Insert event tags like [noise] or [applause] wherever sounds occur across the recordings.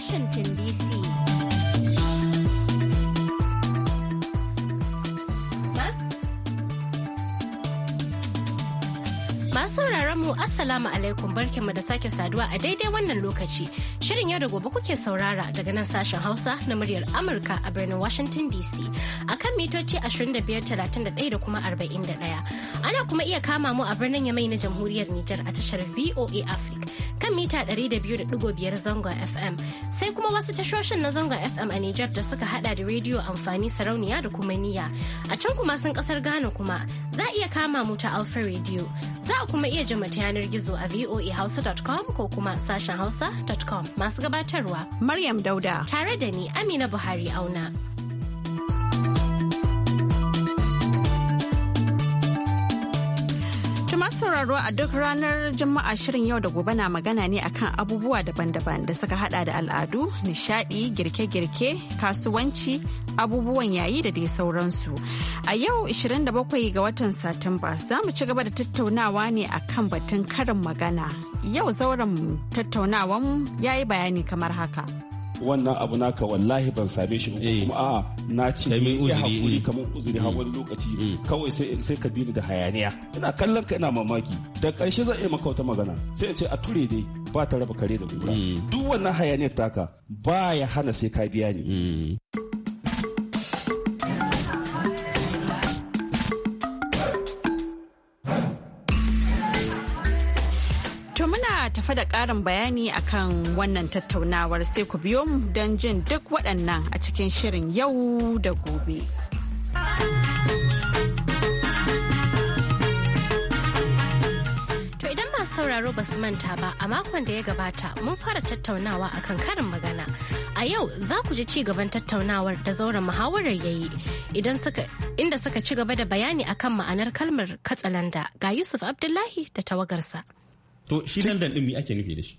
Washington DC. Masu mu Assalamu alaikum mu da sake saduwa a daidai wannan lokaci. Shirin yau da gobe kuke saurara daga nan sashen Hausa na muryar Amurka a birnin Washington DC a kan mitoci 2531 da kuma 41. Ana kuma iya kama mu a birnin Yamai na Jamhuriyar Nijar a tashar VOA Africa kan mita 200.5 zangon FM sai kuma wasu tashoshin na zangon FM a Nijar da suka hada da rediyo amfani sarauniya da kuma niya. A can kuma sun kasar Ghana kuma za a iya kama mu ta Alpha Radio. Za a kuma iya jima ta yanar gizo a voahausa.com ko kuma sashen hausa.com masu gabatarwa. Maryam Dauda. Tare da ni Amina Buhari Auna. sauraro a duk ranar Juma'a shirin yau da gobe na magana ne akan abubuwa daban-daban da suka hada da al'adu, nishadi, girke-girke, kasuwanci, abubuwan yayi da dai sauransu. A yau 27 ga watan Satumba za mu ci gaba da tattaunawa ne akan batun karin magana. Yau zauren tattaunawan ya yi bayani kamar haka. wannan abu naka wallahi ban same shi ba eh. kuma a'a na ce ya hakuri eh. kamar uzuri har mm. wani lokaci mm. kawai sai ka bini da hayaniya ina kallon ka ina mamaki da karshe zan iya maka wata magana sai in ce a ture dai ba ta raba kare da gura mm. duk wannan hayaniyar taka ba ya hana sai ka biya ni tafa da ƙarin bayani akan wannan tattaunawar sai ku biyo mu don jin duk waɗannan a cikin shirin yau da gobe. To idan masu sauraro ba su manta ba a makon da ya gabata mun fara tattaunawa akan karin magana a yau za ku ji ci gaban tattaunawar da zauren muhawarar ya yi inda suka ci gaba da bayani akan ma'anar kalmar katsalanda ga yusuf abdullahi da tawagarsa to shi landan din me ake nufi da shi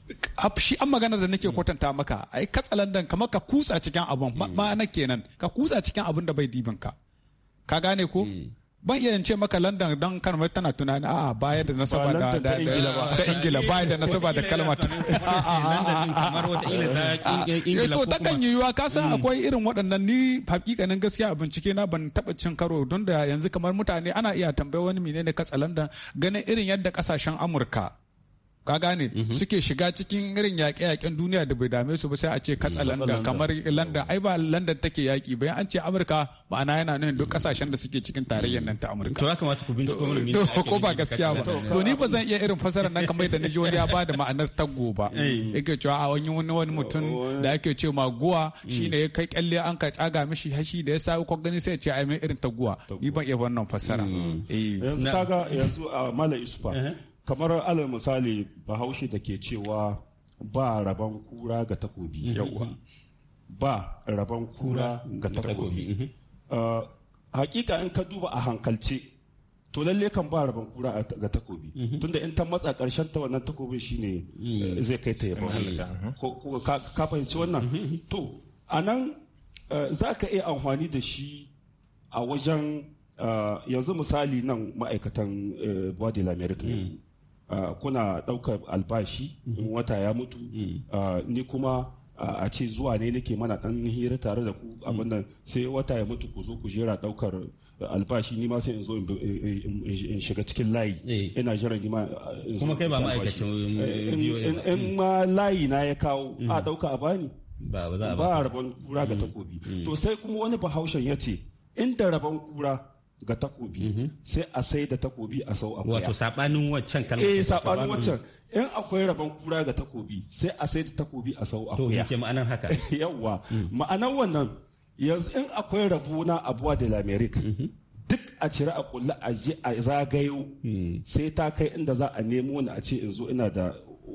shi an magana da nake kwatanta maka ai katsalandan kamar ka kutsa cikin abun ma'ana hmm. kenan ka kutsa cikin abun da bai dibin ka ka gane ko hmm. ban iya ce maka london don kan mai tana tunani a baya da nasaba da ta ingila baya da nasaba da kalmar ta [laughs] ah, ingila eh, to ta kan yiwuwa ka san hmm. akwai irin waɗannan ni hakikanin gaskiya a bincike na ban taɓa cin karo don da yanzu kamar mutane ana iya tambayar wani menene katsa london ganin irin yadda kasashen amurka ka gane mhm. suke shiga cikin irin yaƙe-yaƙen duniya da bai dame su ba sai a ce katsa london kamar london ai ba london take yaƙi bayan an ce amurka ma'ana yana nuna duk kasashen da suke cikin tarayyar nan ta mm. amurka to ya kamata ku binciko mana me ko ba gaskiya ba to ni ba zan iya irin fasarar nan kamar da ni ji wani ya bada ma'anar taggo ba eh. yake cewa a wani wani wani mutum da yake ce ma guwa mm. shine ya kai kyalle an ka tsaga mishi hashi da ya sa ko gani sai ya ce ai mai irin taguwa ni ban iya wannan fasara mm. eh. yanzu kaga yanzu a mala isufa kamar alal misali bahaushe da ke cewa ba rabon kura ga takobi ba rabon kura ga takobi uh, hakika in ka duba a hankalce to lalle kan ba rabon kura ga takobi mhm. tunda in ta matsa karshen ta wannan takobin shine mm. uh, zai kai ta yabon mhm. ko ka fahimci wannan mhm. to a nan uh, za ka iya amfani da shi a wajen yanzu misali nan ma'aikatan body america Ah, kuna ɗaukar albashi in mm-hmm. wata ya mutu mm-hmm. ah, ni kuma ah, a ce zuwa ne nake mana ɗan hira tare da ku abin nan mm-hmm. sai wata ya mutu ku zo ku jera ɗaukar albashi ni ma sai in zo in shiga cikin layi eh. ina jiran ni ma kuma kai ba ma'aikacin mm, eh, in mm. ma layi na ya kawo a mm. ɗauka a bani ba rabon kura ga takobi to sai kuma wani bahaushen ya ce inda rabon kura ga takobi mhm. sai a sai da takobi a sau akuya wato sabanin waccan kalmar eh sabanin waccan in akwai rabon kura ga takobi sai a sai da takobi a sau akuya to yake ma'anar haka [laughs] yawa mm. ma'anar wannan yanzu in akwai rabo na abuwa de lameric mhm. duk a cire a kulla a a zagayo mm. sai ta kai inda za a nemo ni a ce in zo ina da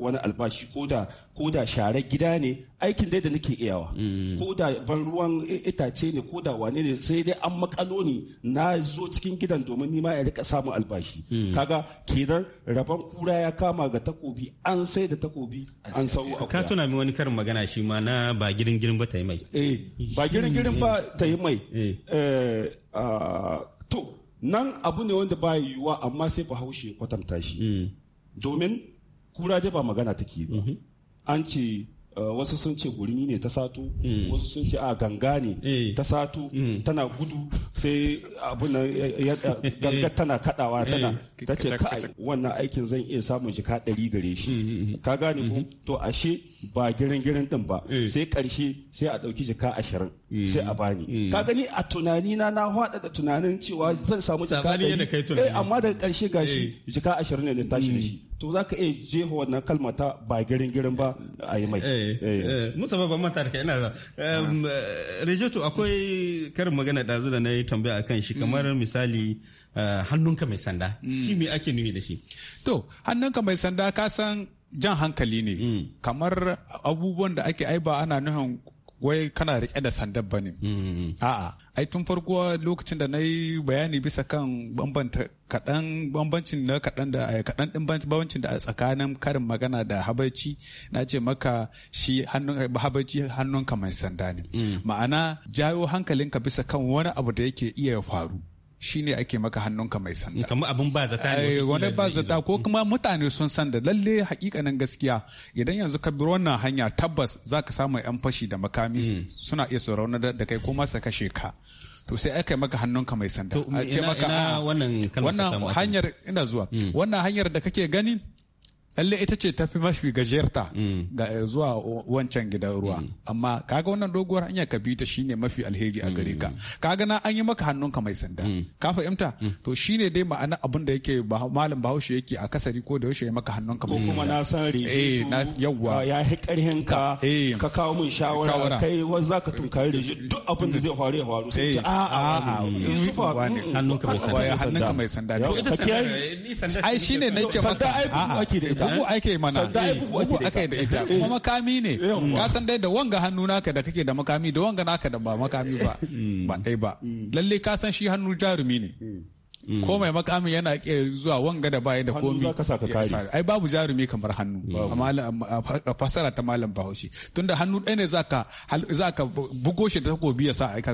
wani albashi ko da share gida ne aikin dai da nake iyawa mm. ko da ban ruwan itace ne ko da wane ne sai dai an makalo ne na zo cikin gidan domin nima ya rika samun albashi mm. kaga kenan rabon kura ya kama ga takobi an sai da takobi an sau a ka tuna min wani karin magana shi ma na ba girin girin ba ta yi mai eh, ba girin girin ba ta yi mai eh. Eh, ah, to nan abu ne wanda ba yiwuwa amma sai bahaushe kwatanta shi mm. domin kura dai ba magana take ba mhm. an ce uh, wasu sun ce gurmi ne ta sato mm. wasu sun ce a ah, ganga ne eh. ta sato mm. tana gudu sai abu nan Ganga tana kadawa eh. tana ta ce kai wannan aikin zan iya samun shi kaɗari ɗari gare shi mm, ka gane ko mm-hmm. to ashe ba girin girin din ba eh. sai karshe sai a ɗauki jika ashirin sai a bani ka gani a tunani na na hwada da tunanin cewa zan samu jika ɗari amma daga karshe gashi jika ashirin ne tashi da shi to za ka iya jeho wannan kalma ta ba girin girin ba a yi mai. Eh, eh, eh. Musa ba mata da ina za. Ah. Rejoto akwai karin magana ɗazu da na yi tambaya a kan shi mm. kamar misali hannunka mai sanda. Mm. Shi me ake nuni da shi? To hannunka mai sanda ka san jan hankali ne. Mm. Kamar abubuwan da ake aiba ana nufin wai kana riƙe da sandar ba ne. A'a. ai tun farko lokacin da na yi bayani bisa kan bambanta kaɗan bambancin na kaɗan da eh, kaɗan ɗin bambancin da a tsakanin karin magana da habarci na ce maka shi hannun eh, habaici hannunka mai sanda ne mm. ma'ana jawo hankalinka bisa kan wani abu da yake iya faru Shi ne ake maka hannunka mai sanda kamar abun ba zata ne eh, wani ba zata ko kuma mutane sun sanda lalle hakikanin gaskiya idan yanzu ka biro wannan hanya tabbas za ka samu yan fashi da makami hmm. suna iya su raunar da kai ko masa kashe ka to sai aka yi maka hannunka mai sanda a ce maka wannan hanyar ina zuwa hmm. wannan hanyar da kake gani lalle ita ce tafi mafi gajerta mm. ga eh, zuwa wancan gidan ruwa mm. amma kaga wannan doguwar hanya ka bi ta shine mafi alheri a gare ka mm. kaga na an yi maka hannunka mai sanda ka fahimta to shine dai ma'ana abin da yake malam bahaushe yake a kasari ko da yaushe ya maka hannunka mai sanda kuma na san rije eh, na yawwa ya yi karhin ka eh. ka kawo min shawara kai ka tun tunkari rije duk abin da zai faru ya faru sai ce a a hannunka mai sanda hannunka mai sanda ai shine nake maka sanda ai ake da ita Eh? bugu ake mana bugu ake da ita kuma eh. makami ne ka san dai da wanga hannu naka da kake da makami da wanga naka da ba makami ba hmm. ba dai ba hmm. lalle ka san shi hannu jarumi ne hmm. Mm. ko mai makamin yana ke zuwa wanga da baya da komi ai babu jarumi kamar hannu a fasara ta malam bahaushe tunda hannu ɗaya ne za ka bugo shi da takobi ya sa ka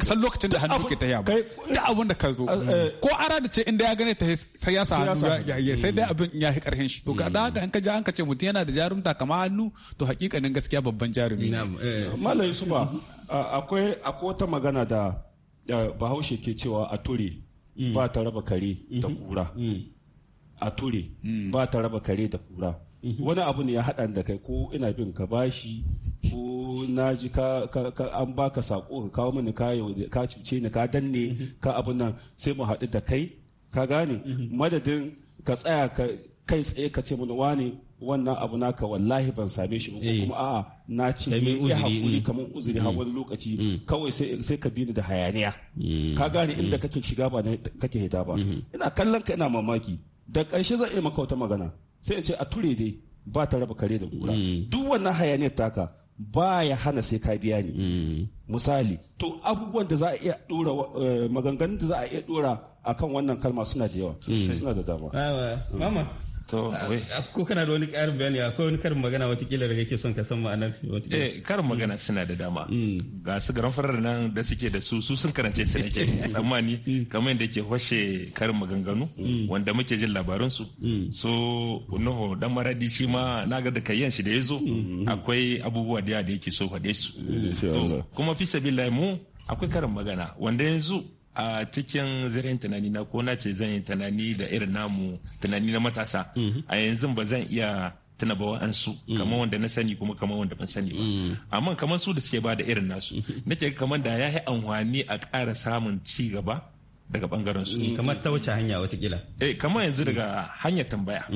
san lokacin da hannu ke ta yaba ta abin da ka zo eh, eh. ko ara da ce inda ya gane ta sai ya sa hannu sai dai abin ya fi karhin shi to ka da mm. haka in ka ja an ka ce mutum yana da jarumta kamar hannu to hakikanin gaskiya babban jarumi ne eh, malam yusufa akwai akwai wata magana da bahaushe ke cewa a ture ba ta raba kare da kura a ture ba ta raba kare da kura wani abu ne ya haɗa da kai ko ina bin ka bashi ko na ji ka an baka sako ka kawo mini ka cuce ni ka danne mm-hmm. ka abun nan sai mu haɗu da kai ka gane mm-hmm. madadin ka tsaya kai tsaye ka ce mana wane wannan abu naka wallahi ban same shi ba eh. kuma a'a na ce ne ya hakuri mm. kamar uzuri har mm. wani lokaci mm. kawai sai ka bi ni da hayaniya ka gane inda kake shiga ba kake hita ba mm-hmm. ina kallon ka ina mamaki da ƙarshe zan iya maka wata magana sai in ce a ture dai ba ta raba kare da kura duk wannan hayaniyar taka ba ya hana sai ka biya ni misali to abubuwan da za a iya dora eh, maganganun da za a iya dora akan wannan kalma suna da yawa suna da dama mama To, ah, ah, ko kana da wani karin bayani akwai wani karin magana kila daga kake son ka san ma'anar Eh, karin magana mm. suna da dama. Mm. Ga su garan farar nan da suke da su su sun karance su nake [laughs] tsammani mm. kamar yadda ke hoshe karin maganganu wanda muke jin labarun su. So, Nuhu dan maradi shi ma na ga da kayyan shi da ya zo akwai abubuwa da yake so faɗe su. To, kuma fi sabila mu akwai karin magana wanda yanzu a cikin zirin tunani na ko na ce zan yi tunani da irin namu tunani na matasa mhm. a yanzu ba zan iya tuna ba wa'ansu mhm. kamar wanda na sani kuma kamar wanda ban sani ba mhm. amma kamar su da suke ba da irin nasu nake kamar da ya yi amfani a ƙara samun ci gaba daga bangaren su kamar ta wuce hanya watakila eh kamar yanzu daga hanyar tambaya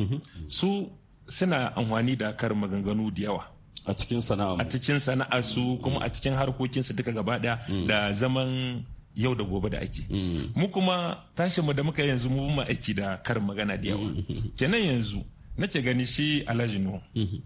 su suna amfani da karin maganganu da yawa a cikin sana'a a cikin sana'a su kuma a cikin harkokinsu duka gaba da zaman yau da gobe da ake mm. mu kuma tashi mu da muka yanzu mu ma aiki da karin magana da yawa mm. kenan yanzu nake gani shi alhaji nuhu mm.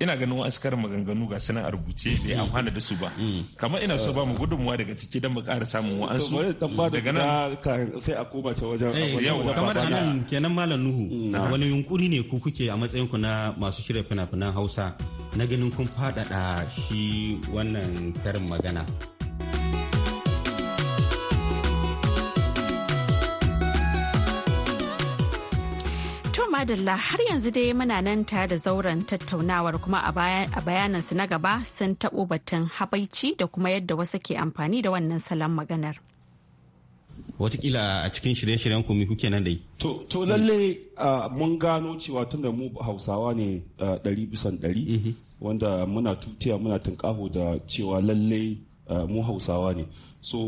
ina ganin wasu karin maganganu ga sanar a rubuce da ya amfana da su ba kamar ina so ba mu gudunmuwa daga ciki don mu ƙara samun wa'ansu da nan sai a koma ta wajen eh, kamar anan nan kenan malam nuhu wani yunkuri ne ku kuke a matsayin ku na masu shirya fina-finan hausa na ganin kun faɗaɗa shi wannan karin magana adalla har yanzu dai muna nan tare da zauren tattaunawar kuma a bayanansu na gaba sun taɓo batun habaici da kuma yadda wasu ke amfani da wannan salon maganar. Watakila a cikin shirye-shiryen ku kuke nan dai. To lalle mun gano cewa tun da mu Hausawa ne ɗari bisan ɗari mhm. wanda muna tutiya muna tunƙaho da cewa lalle mu Hausawa ne. So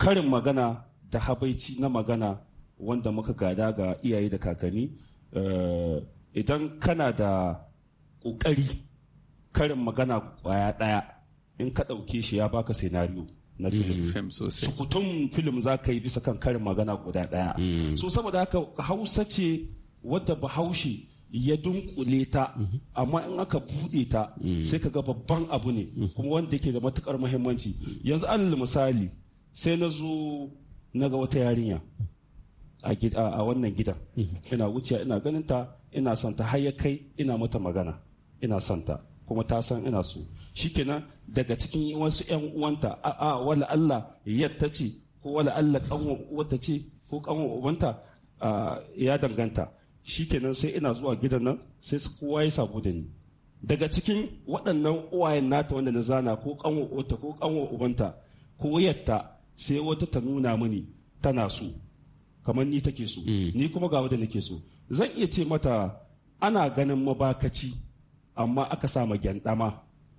karin magana da habaici na magana wanda muka gada ga iyaye da kakanni eh, idan kana da ƙoƙari karin magana kwaya ɗaya in ka ɗauke shi ya baka senariyo na mm-hmm. film sukutun film za ka yi bisa kan karin magana guda ɗaya mm-hmm. so saboda haka hausa ce wadda bahaushe ya dunkule ta mm-hmm. amma in aka buɗe ta sai ka ga babban abu ne kuma wanda ke da matukar muhimmanci yanzu alal misali sai na zo na ga wata yarinya a wannan gidan mhm. ina wuciya ina ganin ta ina son ta har ya kai ina mata magana ina son ta kuma ta san ina so shikenan daga cikin wasu yan uwanta a a wala Allah yatta ce ko wala Allah kanwa wata ce ko kanwa ubanta ya danganta shikenan sai ina zuwa gidan nan sai su kowa ya sabu da ni daga cikin waɗannan uwayen nata wanda na zana ko kanwa ko kanwa ubanta ko yatta sai wata ta nuna mini tana so kamar ni take so mm. ni kuma ga wanda nake so zan iya ce mata ana ganin mabakaci amma aka sa ma gyandama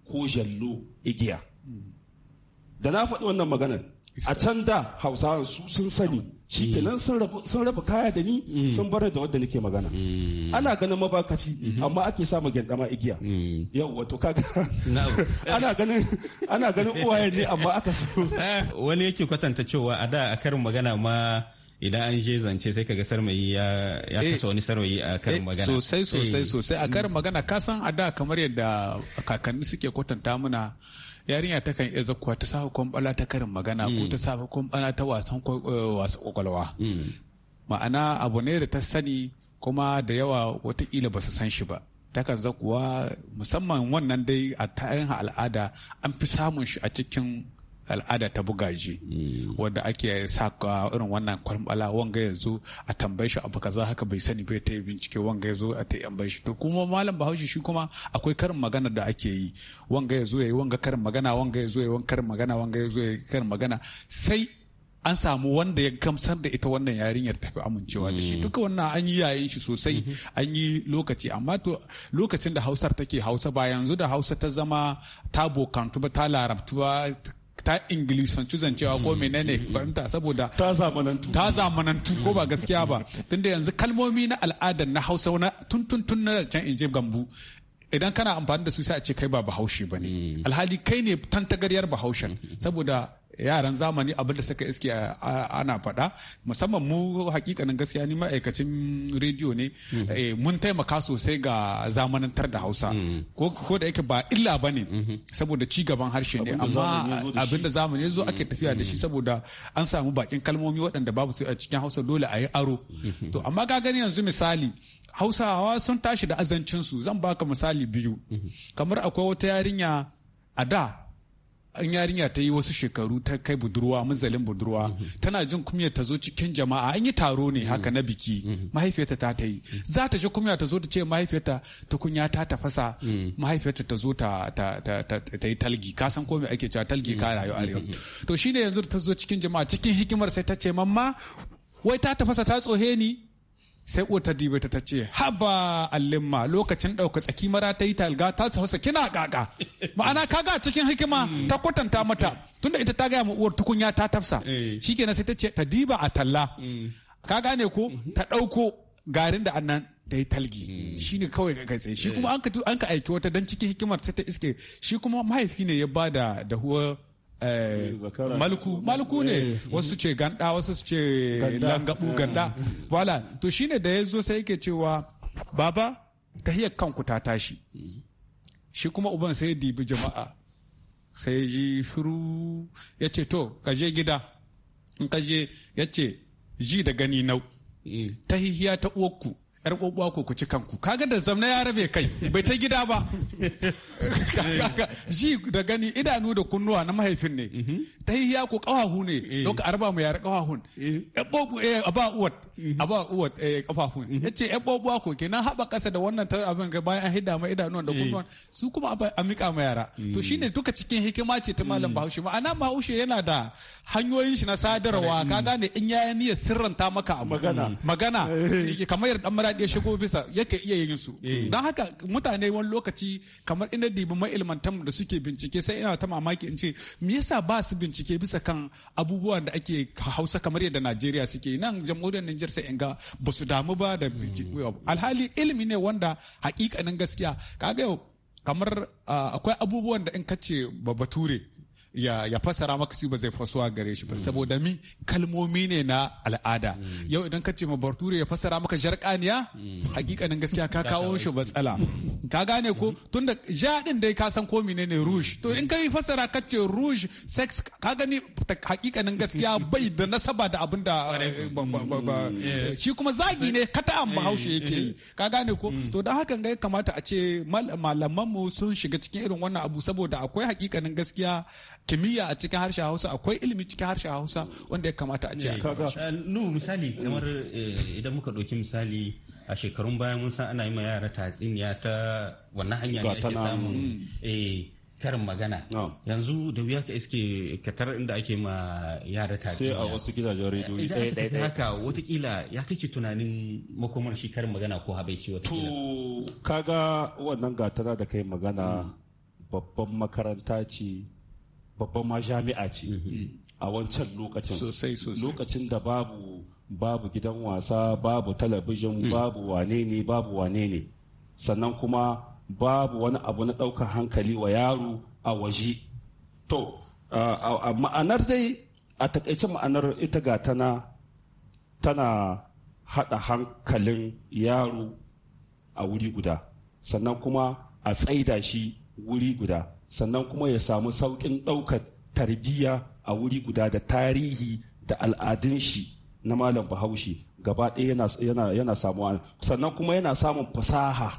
ko jallo igiya da na faɗi wannan maganar a can da hausawa su sun sani shi mm. kenan sun raba kaya da ni mm. sun bar da wadda nake magana ana ganin mabakaci mm-hmm. amma ake ma gyandama igiya yau wato kaga [laughs] ana ganin ana ganin uwaye ne amma aka so [laughs] wani yake kwatanta cewa a da a karin magana ma idan an je zance sai kaga sarmayi ya ya eh, kasa wani sarmayi a karin eh, magana sosai eh. sosai sosai a karin magana ka san a da kamar yadda kakanni suke kwatanta muna yarinya ta kan iya zakuwa ta sa bala ta karin magana ko mm. ta sa bala ta wasan kwakwalwa mm. ma'ana abu ne da ta sani kuma da yawa watakila ba su san shi ba takan zakuwa musamman wannan dai a tarihin al'ada an fi samun shi a cikin al'ada ta buga hmm. wanda ake sa irin wannan kwalmala wanga ya zo a tambaye shi abu kaza haka bai sani bai ta yi bincike wanga ya zo a ta yi shi to kuma malam bahaushe shi kuma akwai karin magana da ake yi wanga ya zo ya yi wanga karin magana wanga ya zo ya yi wanga karin magana wanga ya zo ya yi karin magana sai an samu wanda ya gamsar da ita wannan yarinyar tafi amincewa da shi hmm. duka wannan an yi yayin shi sosai hmm. an yi lokaci amma to lokacin da hausar take hausa ba yanzu da hausa ta zama ta bokantu ba ta larabtu ba ta ingilisanci zancewa ko hmm. menene fahimta saboda ta zamanantu ta zamanantu ko ba gaskiya ba tunda yanzu kalmomi na al'ada na hausa na tuntun tun na can inje gambu idan kana amfani da su sai a ce kai ba bahaushe ba ne hmm. alhali kai ne tantagaryar bahaushen saboda yaran zamani abin da suka iske ana faɗa musamman mu hakikanin gaskiya ni ma'aikacin rediyo ne mhm. eh, mun taimaka sosai ga zamanantar da hausa mhm. ko da yake ba illa ba ne mhm. saboda ci gaban harshe ne amma abin da zamani ya zo ake tafiya da shi saboda an samu bakin kalmomi waɗanda babu su a cikin hausa dole a yi aro to amma ga gani yanzu misali hausawa sun tashi da azancinsu zan baka misali biyu kamar akwai wata yarinya a da in yarinya ta yi wasu shekaru ta kai budurwa muzalin budurwa mhm. tana jin kumya ta zo cikin jama'a an yi taro ne haka na biki mhm. mahaifiyarta ta ta yi za ta ji kumya ta zo ta ce mahaifiyarta kunya ta tafasa mm. mahaifiyarta ta zo ta yi talgi ka san ko ake cewa talgi ka rayu mm. arewa mm-hmm. to shine yanzu ta zo cikin jama'a cikin hikimar sai ta ce mamma wai ta tafasa ta tsohe ni sai uwa ta dibe ta ce haba allimma lokacin ɗauka tsaki mara ta yi talga ta hausa kina gaga [laughs] ma'ana kaga cikin hikima hmm. ta kwatanta mata tunda ita ta gaya ma uwar tukunya ta tafsa eh. shikenan sai ta ce ta diba a talla hmm. ka gane ko hmm. ta ɗauko garin da annan ta yi talgi shi ne kawai kai tsaye shi eh. kuma an ka aiki wata don cikin hikimar sai ta iske shi kuma mahaifi ne ya ba da huwa Eh, malku malku ne eh. wasu ce ganda wasu su ce langabu eh. ganda wala to shine da ya zo sai yake cewa baba tahiyar kanku ta tashi shi kuma uban sai ya dibi jama'a sai ya ji furu ya ce to ka je gida in ka je ya ce ji da gani nau tahihiya ta uwakku yar kokuwa ko ku ci kanku kaga da zamna ya rabe kai bai ta gida ba ji da gani idanu da kunnuwa na mahaifin ne mhm. ta ya ko kawahu ne eh. don ka arba mu yar kawahun ebogu eh aba uwat aba uwat eh kafafun yace eboguwa ko kenan haba kasa da wannan abin ga bayan an hida ma idanuwan da eh. kunnuwan su kuma a miƙa ma yara to mm. shine duka cikin hikima ce ta malam mm. Bahaushe ma'ana Bahaushe yana da hanyoyin shi na sadarwa mm. ka ne in yayi niyyar sirranta maka magana magana eh. kamar da ya shigo bisa yake iya yin su eh. don haka mutane wani lokaci kamar inda dibi ma'ilmantan da suke bincike sai ina ta mamaki in ce me yasa ba su bincike bisa kan abubuwan da ake hausa kamar yadda najeriya suke nan jamhuriyar niger sai in ga ba su damu ba da mm. alhali ilimi ne wanda hakikanin gaskiya kaga yau kamar ah, akwai abubuwan da in kace ba bature ya fasara maka shi ba zai fasuwa gare shi ba saboda mi kalmomi ne na al'ada yau idan ka ce ma barture ya fasara maka jarkaniya hakikanin gaskiya ka kawo shi matsala ka gane ko tunda da din dai ka san ko ne rouge to in kai fasara ka ce rouge sex ka gani hakikanin gaskiya bai da nasaba da abin da eh. shi kuma zagi ne amma haushe yake yi eh. ka gane ko mm. to don hakan ga kamata a ce malamanmu sun shiga cikin irin wannan abu saboda akwai hakikanin gaskiya kimiyya a cikin harshen hausa akwai ilimi cikin harshen hausa wanda ya kamata a ce hausa. Eh, nu misali kamar eh, idan muka ɗauki misali a shekarun baya mun san ana yi ma yara tatsiniya ta wannan hanya ne ake samun mm. eh, karin magana oh. yanzu da wuya ka iske katar inda ake ma yara tatsiniya sai a wasu gidajen rediyo aka tafi haka watakila ya kake tunanin makomar shi karin magana ko habaici watakila to kaga wannan gatana da kai magana mm. babban makaranta ce babban ma jami'a ce mhm. a wancan lokacin lokacin da babu babu gidan wasa babu talabijin mm. babu wane ne babu wane ne sannan kuma babu wani abu na ɗaukar hankali wa yaro a waje to ma'anar dai a takaice ma'anar ita ga tana tana haɗa hankalin yaro a wuri guda sannan kuma a tsaida shi wuri guda sannan kuma ya samu sauƙin ɗaukar tarbiyya a wuri guda da tarihi da al'adun shi na malam bahaushe gaba ɗaya yana samuwa sannan kuma yana samun fasaha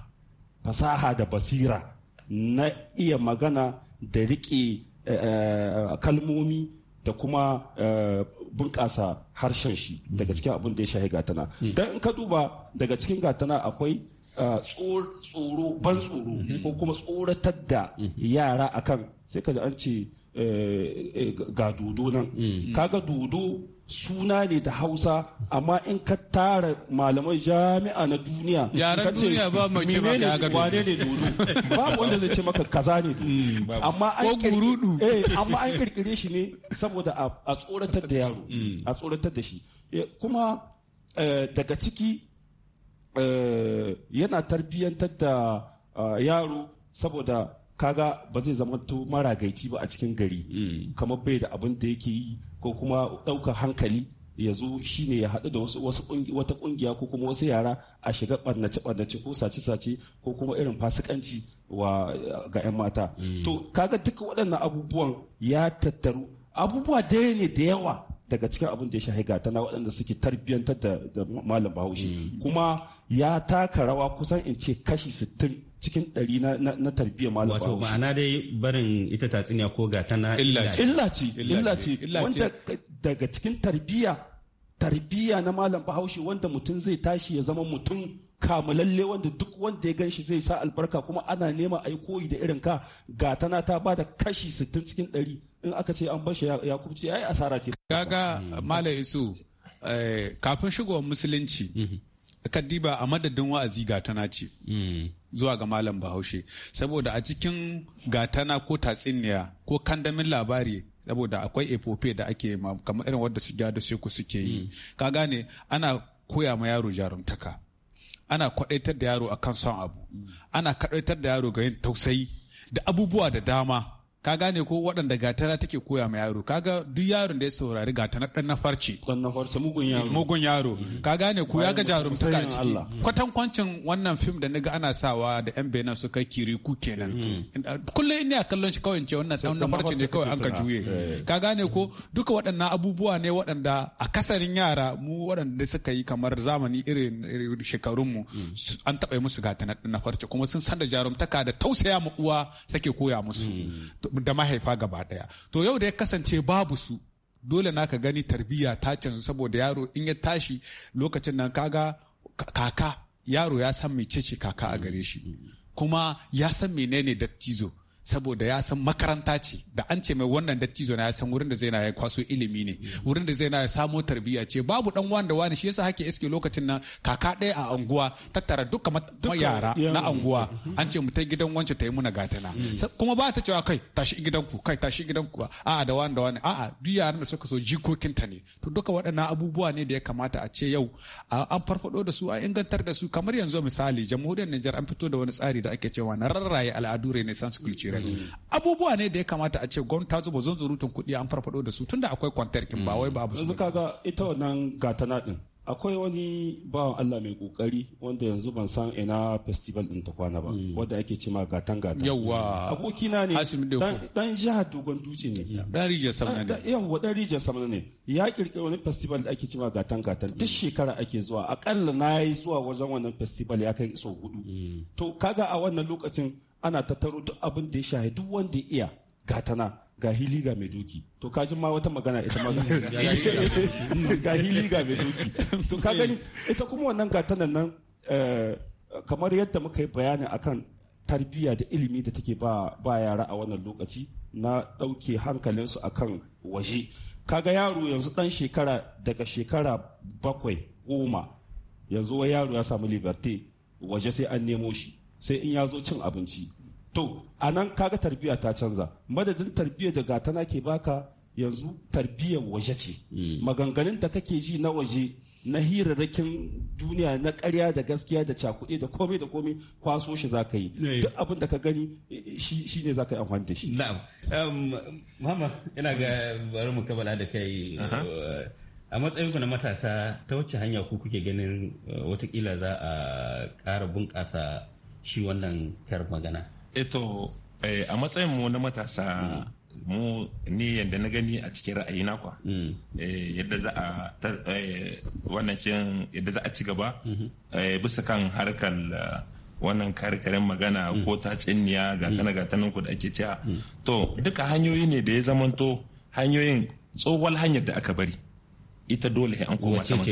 fasaha da basira na iya magana da riƙe eh, eh, kalmomi da kuma eh, bunƙasa harshen shi daga cikin abin da ya shahi gatana hmm. don in ka duba daga cikin gatana akwai tsoro ban tsoro mhm. ko kuma tsoratar da mhm. yara akan sai ka an ce eh, eh, ga dodo nan mhm. kaga dodo suna ne da hausa amma in ka tara malaman jami'a na duniya ka ce mene ne wane ne dodo babu wanda zai ce maka kaza ne mm, amma eh, amma an kirkire shi ne saboda a tsoratar da yaro mm. a tsoratar da shi kuma daga ciki Eh, yana tarbiyyantar da eh, yaro saboda kaga ba zai zama to maragaici ba a cikin gari hmm. kamar bai da abin da yake yi ko kuma ɗaukar hankali ya zo shi ne ya haɗu da wasu wata ƙungiya ko kuma wasu yara a shiga ɓarnace-ɓarnace ko sace-sace ko kuma irin fasikanci wa ga 'yan mata hmm. to kaga duka waɗannan abubuwan ya tattaru abubuwa daya ne da yawa daga cikin abin da ya shahi gatana waɗanda suke tarbiyyantar da malam bahaushe mm. kuma ya taka rawa kusan in ce kashi sittin cikin ɗari na tarbiyyar malam bahaushe wato ma'ana dai barin ita tatsuniya ko gatana illa ce illa ce wanda daga cikin tarbiyya tarbiyya na malam bahaushe wanda mutum zai tashi ya zama mutum kamalalle wanda duk wanda ya ganshi zai sa albarka kuma ana nema a yi koyi da irin ka ga tana ta bada kashi 60 cikin ɗari. in aka ce an bashi ya ya yi asara ce kaga malam isu eh, kafin shigowar musulunci mhm. kadiba a madadin wa'azi gatana ce mm. zuwa ga malam bahaushe saboda a cikin gatana ko tatsiniya ko kandamin labari saboda akwai epope da ake kamar irin wadda su gyada seku suke yi mm. ka gane ana koya ma yaro jarumtaka ana kwadaitar da yaro akan son abu mm. ana kadaitar da yaro ga yin tausayi da abubuwa da dama ka gane ko waɗanda gatara take koya ma yaro kaga duk yaron da ya saurari gata na ɗan na farce mugun yaro mugun yaro ka gane ko ya ga jarumtaka a ciki kwancin wannan fim da naga ana sawa da yan benin suka kiriku kenan hmm. ah, kullum ina kallon shi kawai ce wannan ɗan na farce ne kawai an ka juye eh. ka gane ko duka waɗannan abubuwa ne waɗanda a kasarin yara mu waɗanda suka yi kamar zamani irin shekarunmu hmm. an taɓa musu gata na ɗan na farce kuma sun san da jarumtaka da tausaya ma uwa take koya musu hmm. da mahaifa gaba daya to yau da ya kasance babu su dole na ka gani tarbiyya ta canzu saboda yaro in ya tashi lokacin nan kaga kaka yaro ya san ce kaka a gare shi mm. kuma ya san menene dattizo saboda ya san makaranta ce da an ce mai wannan dattijo na ya san wurin da zai na ya kwaso ilimi ne wurin da zai na ya samo tarbiyya ce babu dan wanda wani shi yasa hake iske lokacin nan kaka ɗaya a anguwa tattara duka yara na anguwa mm-hmm. an ce mu ta gidan wancan ta yi muna gatana mm. kuma ba ta cewa kai tashi gidanku kai tashi gidanku a'a da wani da wani a'a duk yaran da suka so jikokinta ne to duka waɗannan abubuwa ne da ya kamata a ce yau an farfado da su an ingantar da su kamar yanzu misali jamhuriyar Nijar an fito da wani tsari da ake cewa na rarraye al'adu renaissance culture Najeriya mm. abubuwa ne da ya kamata a ce gwamnati ta zuba rutun kuɗi an farfado da su tunda akwai kwantarkin ba wai mm. babu su yanzu kaga ita wannan gatana din akwai wani bawan Allah mai kokari wanda yanzu ban san ina festival din ta kwana ba mm. wanda ake ce ma gatan gatan yawa na ne dan jihar dogon duce ne dan rijiyar samna ne yawa dan rijiyar samna ne ya kirkiri wani festival da ake ce ma gatan gatan duk shekara ake zuwa akalla na yi zuwa wajen wannan festival ya kai sau hudu to kaga a wannan lokacin ana tattaro duk abin da ya shahi duk wanda ya iya gatana ga hili ga mai doki to ka ma wata magana ita ma [laughs] [laughs] ga hili ga mai doki to ka gani ita kuma wannan gatanan nan eh, kamar yadda muka yi bayani akan tarbiyya da ilimi da take ba yara a wannan lokaci na ɗauke hankalinsu akan waje kaga yaro yanzu ɗan shekara daga shekara bakwai goma yanzu wa yaro ya samu liberté waje sai an nemo shi sai in ya zo cin abinci to a nan kaga tarbiyya ta canza madadin tarbiyya da gatana ke baka yanzu tarbiyyar waje ce hmm. maganganun da kake ji na waje na hirarrakin duniya na karya da gaskiya da cakuɗe da komai da komai kwaso shi za ka yi eh. duk abin da ka gani shi ne za ka yi amfani da shi um, mama ina ga bari mu kabala da kai uh, a matsayinku na matasa ta wacce hanya ku kuke ganin uh, watakila za a ƙara bunƙasa shi wannan kar magana eto eh eh, a matsayin mu na matasa mu ne yadda na gani a cikin ra'ayi na kwa mm. eh, yadda za a wannan a ci gaba mm-hmm. bisa kan harkar wannan karkarin magana mm. ko ta tsinniya gatana gatanan mm. ku da ake cewa to duka hanyoyi ne da ya zamanto hanyoyin tsohuwar hanyar da aka bari ita dole an koma saman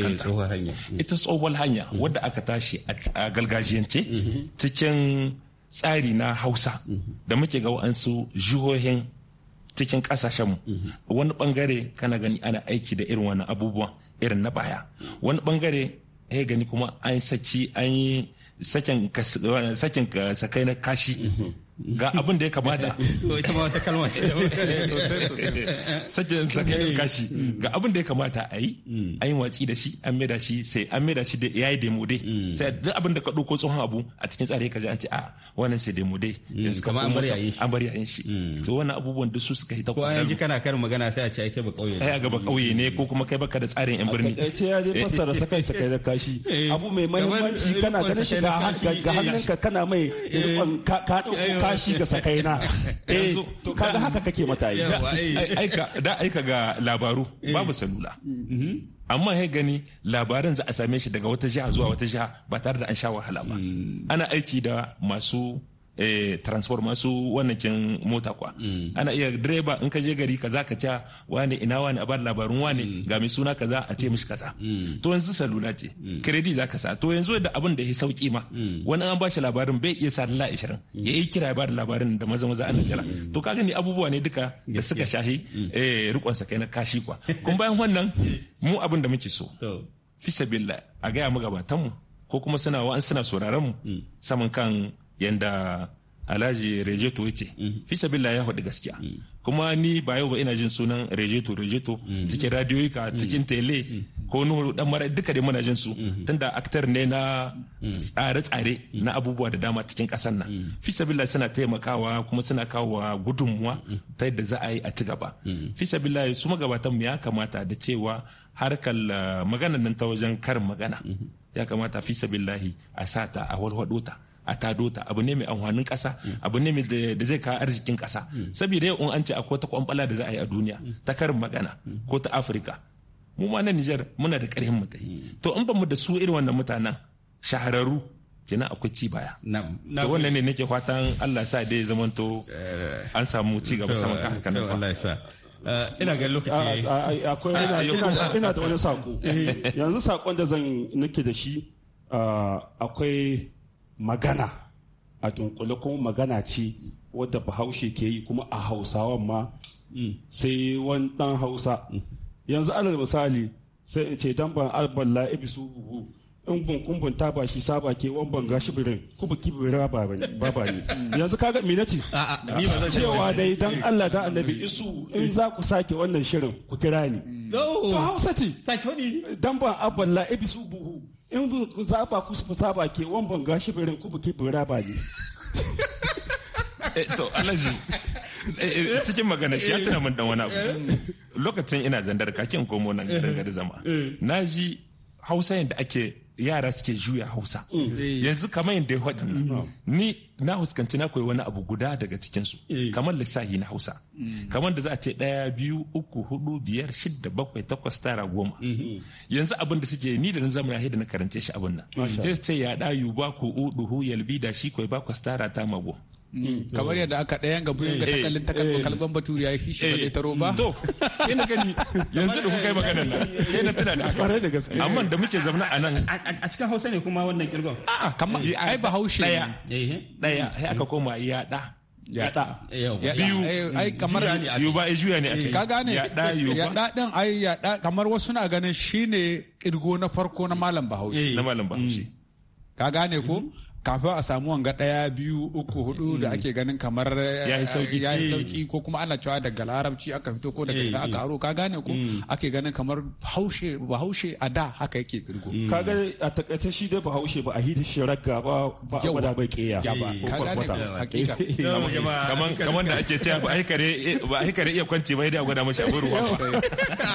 ita tsohuwar hanya mm-hmm. wadda aka tashi a galgajiyance mm-hmm. cikin tsari na hausa mm-hmm. da muke ga wa'ansu jihohin cikin kasashenmu wani bangare kana gani ana aiki da irin wani abubuwa irin na baya wani bangare ya gani kuma an saki an yi sakin sakai na kashi ga abin da ya kamata [laughs] ita ma wata kalma ce eh, sosai eh, eh. sake sake kashi mm. ga abin da ya kamata a yi mm. a yi watsi da shi an maida shi sai an maida shi da yayi demo dai mm. sai duk abin da ka dauko tsohon abu a cikin tsare ka ji an ce a ah, wannan sai demo dai yanzu ka an bari yayin shi an bari yayin shi to wannan abubuwan duk su suka hita ko an ji kana kar magana sai a ce ai kai ba kauye ne ai ga ba kauye ne ko kuma kai baka da tsarin yan birni a ce ya je fassara [laughs] sakai sakai da kashi abu mai muhimmanci kana ganin shi ga hannunka kana mai ka dauko bashi ga sakaina [laughs] eh to kaga haka kake mata yi aika da eh. aika ga labaru eh. babu salula mm. mhm. amma ya gani labaran za a same shi daga wata jiha zuwa wata jiha ba tare da an sha wahala ba mm. ana aiki da masu Eh, transformer su wannan kin mota kwa mm. ana iya direba in ka je gari kaza ka ca wani ina wani a bar labarun wani mm. ga mai suna kaza a ce mishi kaza mm. to yanzu salula ce credit za ka sa to yanzu da abin da ya sauki ma wani an bashi labarin bai iya sa dala 20 ya yi kira ya ba labarin da maza maza ana jira to ka gani abubuwa ne duka da suka shahi eh rikon sa kai na kashi kwa kun bayan wannan [laughs] mu abin da muke so fi sabilla a gaya mu gabatan mu ko kuma suna wa'an suna sauraron mu saman kan yanda alhaji rejeto ya ce mm. fi sabila ya faɗi gaskiya mm. kuma ni ba yau ba ina jin sunan rejeto rejeto mm. cikin radiyoyika cikin tele ko nuhu dan mara duka da muna jin su tunda aktar ne na tsare-tsare na abubuwa da dama cikin ƙasar nan fi sabila suna taimakawa kuma suna kawo gudunmuwa ta yadda za a yi a ci gaba fi sabila su magabatan mu ya kamata da cewa harkar uh, maganar nan ta wajen karin magana mm-hmm. ya kamata fi sabila a sata a walwaɗo ta a tado ta abu ne mai amfanin kasa abu ne mai da zai kawo arzikin kasa saboda yau an ce akwai ta kwamfala da za a yi a duniya ta karin magana ko ta afirka mu ma na nijar muna da karhin mu to in ba mu da su irin wannan mutanen shahararru kina akwai ci baya na. wannan ne nake fatan Allah sa dai zamanto eh. an samu ci gaba sama haka ne Allah ya sa eh, ina ga lokaci ah, ah, ah, ina da wani sako eh, yanzu sakon da zan nake da shi akwai magana a dunkule kuma magana ce wadda bahaushe ke yi kuma a hausawan ma mm. sai wani dan hausa mm. yanzu alal misali sai in ce dan ban albal la'ibi su buhu in bun kumbun ta ba shi saba ke wan ban gashi birin kuma kibira mm. ba ne yanzu kaga me nace cewa dai dan Allah da annabi isu in za ku sake wannan shirin ku kira ni to hausa ce dan ban albal la'ibi su buhu in bu ku saba ku su saba ke wan ban gashi birin ku buke bura ba ne eh, to alaji eh, eh, cikin magana shi ya tana mun dan wani abu lokacin ina zandar kakin komo nan garin gari zama na ji hausa yadda ake yara suke juya hausa mm. eh. yanzu kamar yadda ya waɗannan mm. ni na huskanci na koyi wani abu guda daga cikinsu eh. kamar lissahi na hausa mm. kamar da za a ce ɗaya biyu uku hudu biyar shidda bakwai takwas tara goma mm-hmm. yanzu abin da suke ni da na zama yahi da na karance shi abin nan ya ce ya ɗayu baku ku hu yalbi da shi koyi bakwas tara ta Mm. Eh, kamar yadda aka ɗayan ga buyan ga eh, eh, takallin takalma kalban baturi ya yi shi ba zai taro ba to ke na gani yanzu da kuka yi maganar nan ke na tuna da haka da gaske amma da muke zama a nan a cikin hausa ne kuma wannan kirgon a'a kamar ai ba haushe ɗaya ɗaya sai aka koma ya ɗa biyu ai kamar yuba ai juya ne a cikin ka gane yaɗa yuba yaɗa ɗin ai yaɗa kamar wasu na ganin shine kirgo na farko na malam bahaushe na malam bahaushe mm. ka gane ko mm. kafin a samu wanga ɗaya biyu uku hudu da mm. ake ganin kamar ya yi eh, sauki mm. ko kuma ana cewa daga larabci aka fito ko daga mm. ina aka haro ka gane ko ake ganin kamar haushe bahaushe a da haka yake kirgo kaga a takaice shi dai bahaushe ba a hida shi ragga ba ba a wada bai keya ka [laughs] kaman da ake cewa ba aikare ba aikare iya kwanci bai da gwada mashi abin ruwa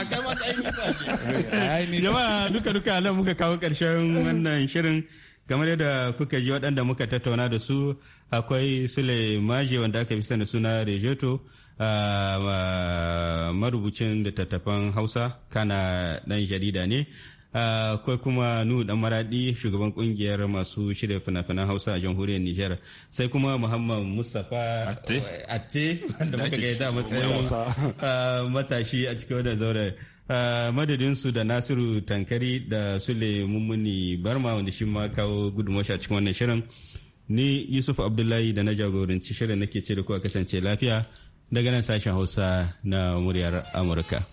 [laughs] jama'a duka duka nan muka kawo karshen wannan shirin kamar yadda kuka ji waɗanda muka tattauna da su akwai sule maje wanda aka fi sani suna rejeto marubucin littattafan hausa kana ɗan jarida ne akwai kuma nu dan maradi shugaban kungiyar masu shirya fina-finan hausa a jamhuriyar nijar sai kuma muhammad mustapha atte wanda muka gaida matsayin matashi a cikin wannan zauren madadinsu da nasiru tankari da sule mummuni barma wanda shi ma kawo gudumoshi a cikin wannan shirin ni yusuf abdullahi da na jagoranci shirin nake ce da kuwa kasance lafiya daga nan sashen hausa na muryar amurka.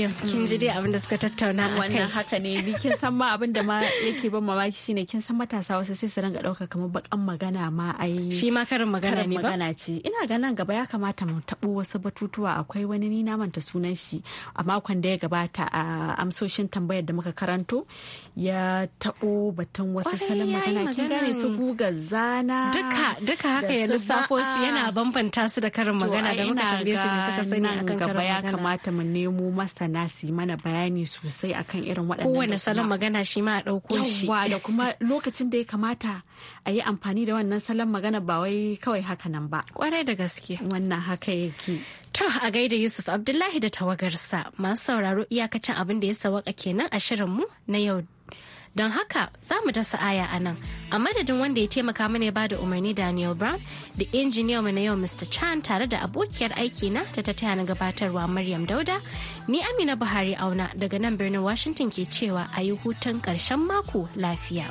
biyan kin ji hmm. dai abin da suka tattauna a wannan haka ne ni kin san ma abin da ma yake ban mamaki shine kin san matasa wasu sai su ranga daukar kamar bakan magana ma ai shi ma karin magana ne ba ce ina ganin gaba ya kamata mu tabo wasu batutuwa akwai wani ni na manta sunan shi a makon da ya gabata a amsoshin tambayar da muka karanto ya tabo batun wasu salon magana kin gane su guga zana duka duka haka ya lissafo su yana bambanta su da karin magana da muka tambaye su ne suka sani akan karin magana gaba ya kamata mu nemo masa na su yi mana bayani sosai akan irin waɗannan kowane salon magana shi ma a ɗauko shi yawa da kuma lokacin da ya kamata a yi amfani da wannan salon magana ba wai kawai haka nan ba kwarai da gaske wannan haka yake To a gaida Yusuf Abdullahi da tawagarsa masu sauraro iyakacin abin da ya sawaka kenan a shirin mu na yau Don haka za mu ta sa'aya a nan, a madadin wanda ya taimaka mana ya bada umarni Daniel Brown da injiniyar mu na yau Mr. Chan tare da abokiyar aiki na da ta taya na gabatarwa Maryam Dauda, ni Amina Buhari Auna daga nan birnin Washington ke cewa a yi hutun ƙarshen mako lafiya.